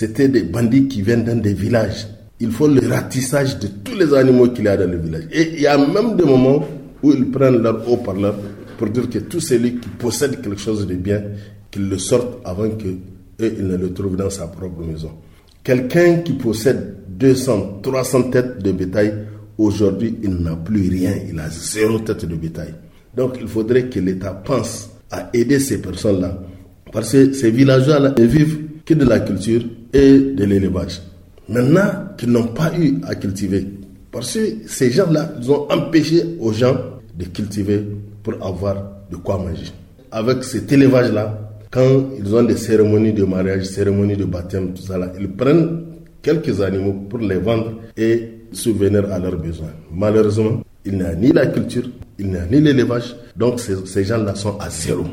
C'était des bandits qui viennent dans des villages. Il faut le ratissage de tous les animaux qu'il y a dans le village. Et il y a même des moments où ils prennent leur haut-parleur pour dire que tout celui qui possède quelque chose de bien, qu'il le sorte avant que eux, ne le trouvent dans sa propre maison. Quelqu'un qui possède 200, 300 têtes de bétail, aujourd'hui, il n'a plus rien. Il a zéro tête de bétail. Donc, il faudrait que l'État pense à aider ces personnes-là. Parce que ces villageois-là, ils vivent de la culture et de l'élevage. Maintenant, qu'ils n'ont pas eu à cultiver. Parce que ces gens-là, ils ont empêché aux gens de cultiver pour avoir de quoi manger. Avec cet élevage-là, quand ils ont des cérémonies de mariage, cérémonies de baptême, tout ça, ils prennent quelques animaux pour les vendre et souvenir à leurs besoins. Malheureusement, il n'y ni la culture, il n'y ni l'élevage, donc ces, ces gens-là sont à zéro.